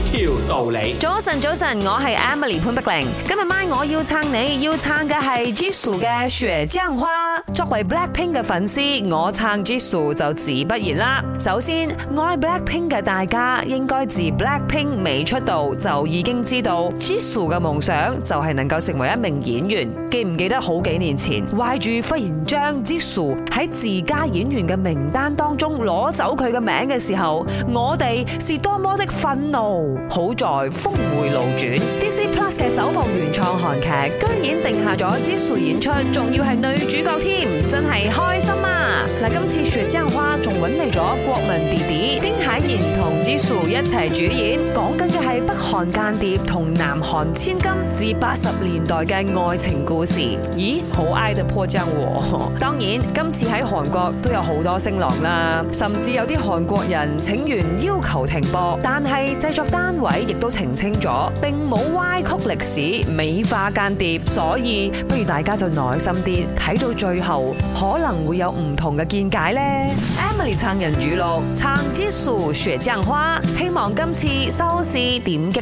條道理。早晨，早晨，我係 Emily 潘碧玲。今日晚我要撐你，要撐嘅係 Jisoo 嘅雪江花。作為 BLACKPINK 嘅粉絲，我撐 Jisoo 就自不言啦。首先，愛 BLACKPINK 嘅大家應該自 BLACKPINK 未出道就已經知道 Jisoo 嘅夢想就係能夠成為一名演員。記唔記得好幾年前，懷住忽然將 Jisoo 喺自家演員嘅名單當中攞走佢嘅名嘅時候，我哋是多麼的憤怒。好在峰回路轉，Disney+ 嘅首部原創韓劇居然定下咗芝薯演出，仲要係女主角添，真係開心啊！嗱，今次雪渣花仲搵嚟咗國民弟弟丁海寅同芝薯一齊主演，講緊嘅係。《韓間諜》同《南韓千金》至八十年代嘅愛情故事，咦，好愛得破章喎。當然，今次喺韓國都有好多聲浪啦，甚至有啲韓國人請願要求停播，但係製作單位亦都澄清咗，並冇歪曲歷史、美化間諜，所以不如大家就耐心啲睇到最後，可能會有唔同嘅見解呢 em。Emily 撐人語錄，撐之束雪漿花，希望今次收視點擊